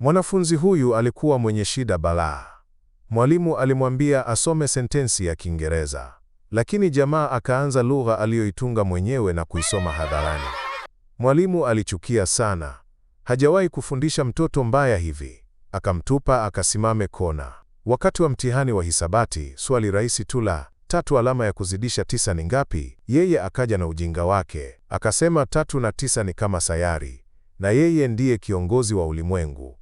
Mwanafunzi huyu alikuwa mwenye shida balaa. Mwalimu alimwambia asome sentensi ya Kiingereza, lakini jamaa akaanza lugha aliyoitunga mwenyewe na kuisoma hadharani. Mwalimu alichukia sana, hajawahi kufundisha mtoto mbaya hivi. Akamtupa akasimame kona. Wakati wa mtihani wa hisabati, swali rahisi tu la tatu alama ya kuzidisha tisa ni ngapi, yeye akaja na ujinga wake akasema tatu na tisa ni kama sayari, na yeye ndiye kiongozi wa ulimwengu.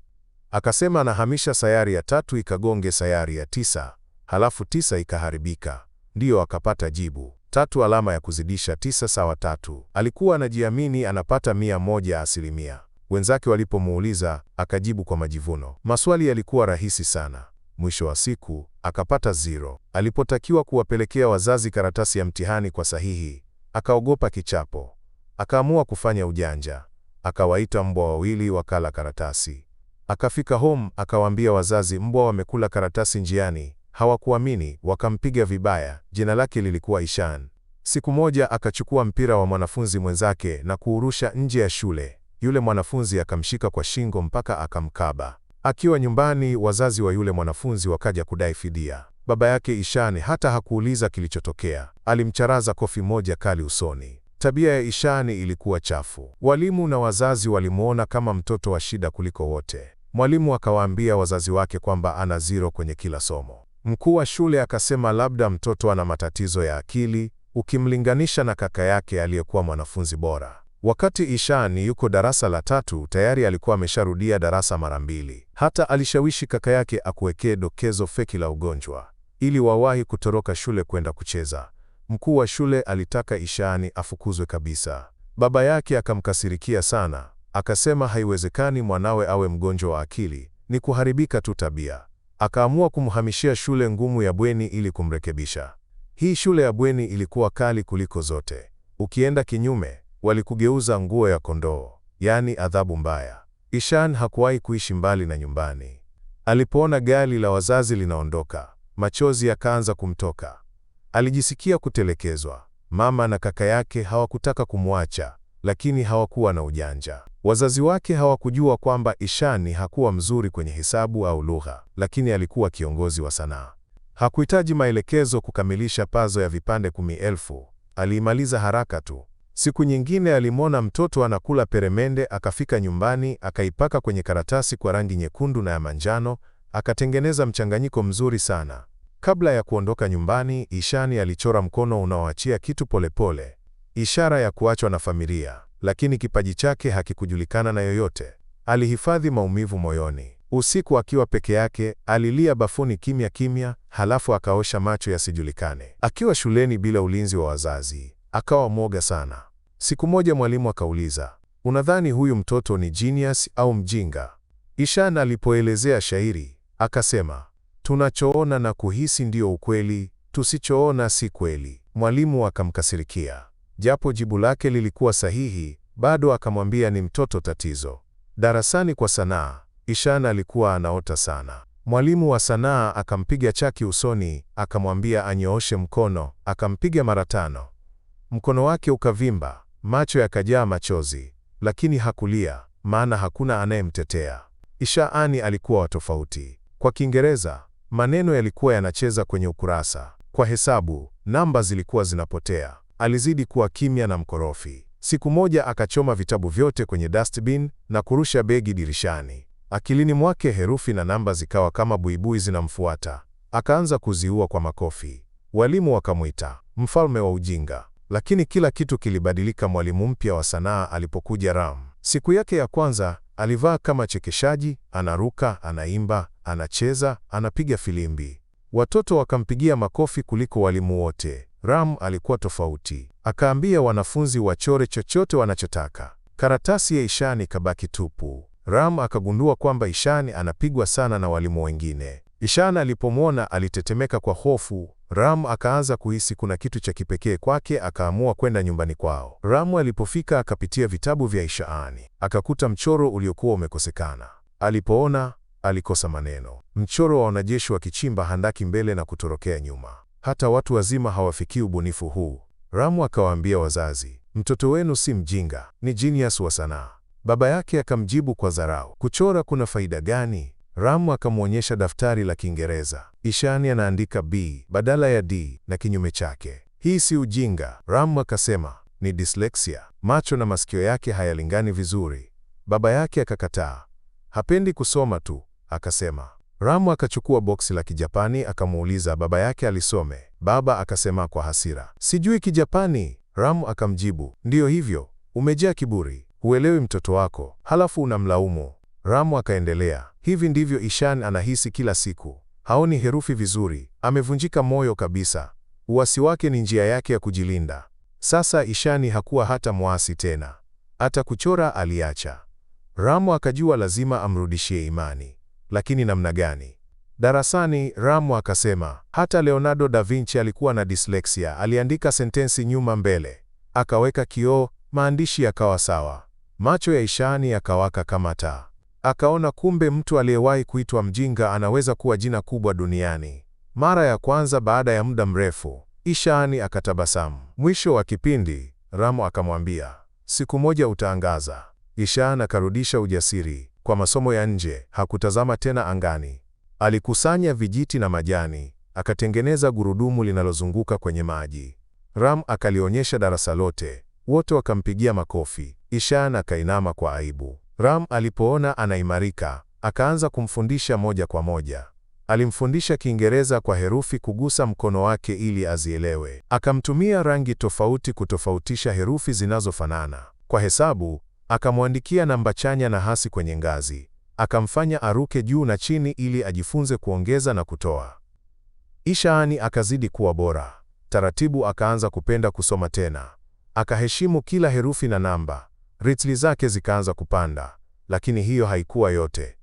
Akasema anahamisha sayari ya tatu ikagonge sayari ya tisa, halafu tisa ikaharibika. Ndiyo akapata jibu tatu alama ya kuzidisha tisa sawa tatu. Alikuwa anajiamini anapata mia moja asilimia. Wenzake walipomuuliza akajibu kwa majivuno. Maswali yalikuwa rahisi sana. Mwisho wa siku akapata zero. Alipotakiwa kuwapelekea wazazi karatasi ya mtihani kwa sahihi, akaogopa kichapo. Akaamua kufanya ujanja, akawaita mbwa wawili wakala karatasi. Akafika home akawaambia wazazi mbwa wamekula karatasi njiani. Hawakuamini, wakampiga vibaya. Jina lake lilikuwa Ishan. Siku moja akachukua mpira wa mwanafunzi mwenzake na kuurusha nje ya shule. Yule mwanafunzi akamshika kwa shingo mpaka akamkaba. Akiwa nyumbani, wazazi wa yule mwanafunzi wakaja kudai fidia. Baba yake Ishan hata hakuuliza kilichotokea, alimcharaza kofi moja kali usoni. Tabia ya Ishani ilikuwa chafu. Walimu na wazazi walimwona kama mtoto wa shida kuliko wote. Mwalimu akawaambia wazazi wake kwamba ana zero kwenye kila somo. Mkuu wa shule akasema labda mtoto ana matatizo ya akili ukimlinganisha na kaka yake aliyekuwa mwanafunzi bora. Wakati Ishan yuko darasa la tatu, tayari alikuwa amesharudia darasa mara mbili. Hata alishawishi kaka yake akuwekee dokezo feki la ugonjwa ili wawahi kutoroka shule kwenda kucheza. Mkuu wa shule alitaka Ishani afukuzwe kabisa. Baba yake akamkasirikia sana. Akasema haiwezekani mwanawe awe mgonjwa wa akili, ni kuharibika tu tabia. Akaamua kumhamishia shule ngumu ya bweni ili kumrekebisha. Hii shule ya bweni ilikuwa kali kuliko zote. Ukienda kinyume, walikugeuza nguo ya kondoo, yaani adhabu mbaya. Ishan hakuwahi kuishi mbali na nyumbani. Alipoona gari la wazazi linaondoka, machozi yakaanza kumtoka. Alijisikia kutelekezwa. Mama na kaka yake hawakutaka kumwacha lakini hawakuwa na ujanja. Wazazi wake hawakujua kwamba Ishani hakuwa mzuri kwenye hesabu au lugha, lakini alikuwa kiongozi wa sanaa. Hakuhitaji maelekezo kukamilisha pazo ya vipande kumi elfu, aliimaliza haraka tu. Siku nyingine alimwona mtoto anakula peremende, akafika nyumbani, akaipaka kwenye karatasi kwa rangi nyekundu na ya manjano, akatengeneza mchanganyiko mzuri sana. Kabla ya kuondoka nyumbani, Ishani alichora mkono unaoachia kitu polepole pole ishara ya kuachwa na familia, lakini kipaji chake hakikujulikana na yoyote. Alihifadhi maumivu moyoni. Usiku akiwa peke yake, alilia bafuni kimya kimya, halafu akaosha macho yasijulikane. Akiwa shuleni bila ulinzi wa wazazi, akawa mwoga sana. Siku moja mwalimu akauliza, unadhani huyu mtoto ni genius au mjinga? Ishan alipoelezea shairi akasema, tunachoona na kuhisi ndiyo ukweli, tusichoona si kweli. Mwalimu akamkasirikia. Japo jibu lake lilikuwa sahihi, bado akamwambia ni mtoto tatizo. Darasani kwa sanaa, Ishan alikuwa anaota sana. Mwalimu wa sanaa akampiga chaki usoni, akamwambia anyooshe mkono, akampiga mara tano. Mkono wake ukavimba, macho yakajaa machozi, lakini hakulia, maana hakuna anayemtetea. Ishaani alikuwa wa tofauti. Kwa Kiingereza, maneno yalikuwa yanacheza kwenye ukurasa. Kwa hesabu, namba zilikuwa zinapotea. Alizidi kuwa kimya na mkorofi. Siku moja akachoma vitabu vyote kwenye dustbin na kurusha begi dirishani. Akilini mwake herufi na namba zikawa kama buibui zinamfuata. Akaanza kuziua kwa makofi. Walimu wakamwita mfalme wa ujinga. Lakini kila kitu kilibadilika mwalimu mpya wa sanaa alipokuja Ram. Siku yake ya kwanza alivaa kama chekeshaji, anaruka, anaimba, anacheza, anapiga filimbi. Watoto wakampigia makofi kuliko walimu wote. Ram alikuwa tofauti. Akaambia wanafunzi wachore chochote wanachotaka. Karatasi ya Ishani ikabaki tupu. Ram akagundua kwamba Ishani anapigwa sana na walimu wengine. Ishani alipomwona alitetemeka kwa hofu. Ram akaanza kuhisi kuna kitu cha kipekee kwake, akaamua kwenda nyumbani kwao. Ram alipofika akapitia vitabu vya Ishani, akakuta mchoro uliokuwa umekosekana. Alipoona alikosa maneno. Mchoro wa wanajeshi wakichimba handaki mbele na kutorokea nyuma hata watu wazima hawafikii ubunifu huu. Ramu akawaambia wazazi, mtoto wenu si mjinga, ni genius wa sanaa. Baba yake akamjibu kwa dharau, kuchora kuna faida gani? Ramu akamwonyesha daftari la Kiingereza. Ishani anaandika B badala ya D na kinyume chake. Hii si ujinga. Ramu akasema ni dyslexia, macho na masikio yake hayalingani vizuri. Baba yake akakataa, hapendi kusoma tu, akasema Ramu akachukua boksi la Kijapani akamuuliza baba yake alisome. Baba akasema kwa hasira, sijui Kijapani. Ramu akamjibu, ndiyo hivyo, umejaa kiburi, huelewi mtoto wako, halafu unamlaumu. Ramu akaendelea, hivi ndivyo Ishan anahisi kila siku, haoni herufi vizuri, amevunjika moyo kabisa. Uasi wake ni njia yake ya kujilinda. Sasa Ishani hakuwa hata mwasi tena, hata kuchora aliacha. Ramu akajua lazima amrudishie imani lakini namna gani? Darasani Ramu akasema hata Leonardo da Vinci alikuwa na disleksia, aliandika sentensi nyuma mbele, akaweka kioo, maandishi yakawa sawa. Macho ya Ishani yakawaka kama taa, akaona kumbe mtu aliyewahi kuitwa mjinga anaweza kuwa jina kubwa duniani. Mara ya kwanza baada ya muda mrefu, Ishani akatabasamu. Mwisho wa kipindi, Ramu akamwambia siku moja utaangaza. Ishani akarudisha ujasiri kwa masomo ya nje, hakutazama tena angani. Alikusanya vijiti na majani, akatengeneza gurudumu linalozunguka kwenye maji. Ram akalionyesha darasa lote, wote wakampigia makofi. Ishan akainama kwa aibu. Ram alipoona anaimarika, akaanza kumfundisha moja kwa moja. Alimfundisha Kiingereza kwa herufi kugusa mkono wake ili azielewe. Akamtumia rangi tofauti kutofautisha herufi zinazofanana. Kwa hesabu Akamwandikia namba chanya na hasi kwenye ngazi, akamfanya aruke juu na chini ili ajifunze kuongeza na kutoa. Ishaani akazidi kuwa bora. Taratibu akaanza kupenda kusoma tena, akaheshimu kila herufi na namba. Ritli zake zikaanza kupanda, lakini hiyo haikuwa yote.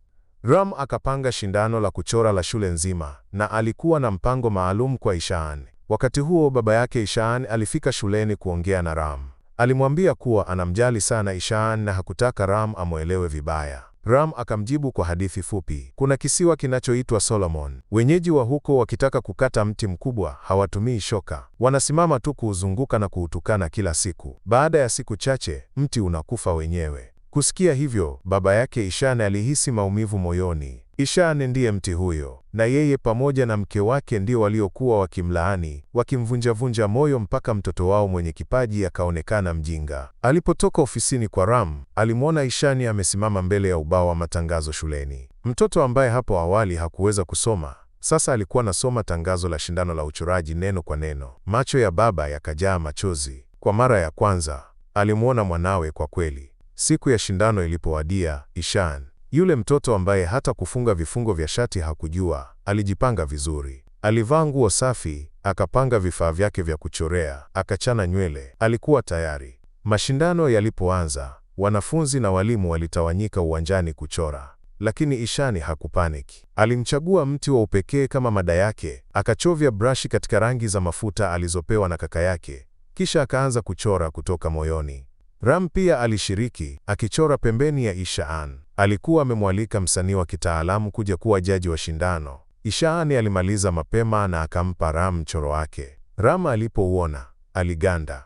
Ram akapanga shindano la kuchora la shule nzima, na alikuwa na mpango maalum kwa Ishaan. Wakati huo baba yake Ishaan alifika shuleni kuongea na Ram. Alimwambia kuwa anamjali sana Ishaan na hakutaka Ram amwelewe vibaya. Ram akamjibu kwa hadithi fupi. Kuna kisiwa kinachoitwa Solomon. Wenyeji wa huko wakitaka kukata mti mkubwa hawatumii shoka, wanasimama tu kuuzunguka na kuutukana kila siku. Baada ya siku chache mti unakufa wenyewe. Kusikia hivyo, baba yake Ishaan alihisi maumivu moyoni. Ishaan ndiye mti huyo na yeye pamoja na mke wake ndio waliokuwa wakimlaani, wakimvunjavunja moyo mpaka mtoto wao mwenye kipaji akaonekana mjinga. Alipotoka ofisini kwa Ram, alimwona Ishani amesimama mbele ya ubao wa matangazo shuleni. Mtoto ambaye hapo awali hakuweza kusoma sasa alikuwa anasoma tangazo la shindano la uchoraji neno kwa neno. Macho ya baba yakajaa machozi. Kwa mara ya kwanza alimwona mwanawe kwa kweli. Siku ya shindano ilipowadia, Ishan yule mtoto ambaye hata kufunga vifungo vya shati hakujua, alijipanga vizuri. Alivaa nguo safi, akapanga vifaa vyake vya kuchorea, akachana nywele. Alikuwa tayari. Mashindano yalipoanza, wanafunzi na walimu walitawanyika uwanjani kuchora, lakini Ishani hakupaniki. Alimchagua mti wa upekee kama mada yake, akachovya brashi katika rangi za mafuta alizopewa na kaka yake, kisha akaanza kuchora kutoka moyoni. Ram pia alishiriki, akichora pembeni ya Ishaan. Alikuwa amemwalika msanii wa kitaalamu kuja kuwa jaji wa shindano. Ishaani alimaliza mapema na akampa Ram mchoro wake. Ram alipouona aliganda.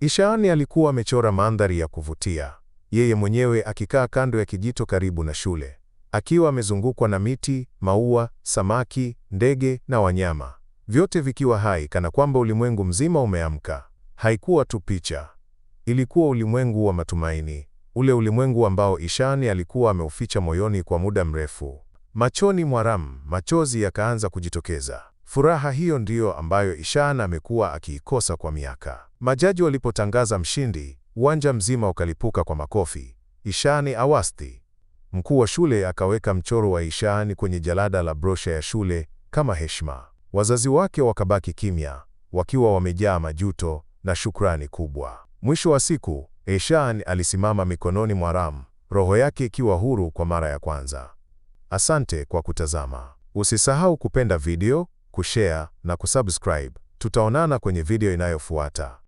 Ishaani alikuwa amechora mandhari ya kuvutia, yeye mwenyewe akikaa kando ya kijito karibu na shule, akiwa amezungukwa na miti, maua, samaki, ndege na wanyama, vyote vikiwa hai, kana kwamba ulimwengu mzima umeamka. Haikuwa tu picha, ilikuwa ulimwengu wa matumaini ule ulimwengu ambao Ishani alikuwa ameuficha moyoni kwa muda mrefu. Machoni mwa Ram machozi yakaanza kujitokeza. Furaha hiyo ndiyo ambayo Ishan amekuwa akiikosa kwa miaka. Majaji walipotangaza mshindi, uwanja mzima ukalipuka kwa makofi. Ishani awasti. Mkuu wa shule akaweka mchoro wa Ishani kwenye jalada la brosha ya shule kama heshima. Wazazi wake wakabaki kimya, wakiwa wamejaa majuto na shukrani kubwa. Mwisho wa siku Eshan alisimama mikononi mwa Ram, roho yake ikiwa huru kwa mara ya kwanza. Asante kwa kutazama. Usisahau kupenda video, kushare na kusubscribe. Tutaonana kwenye video inayofuata.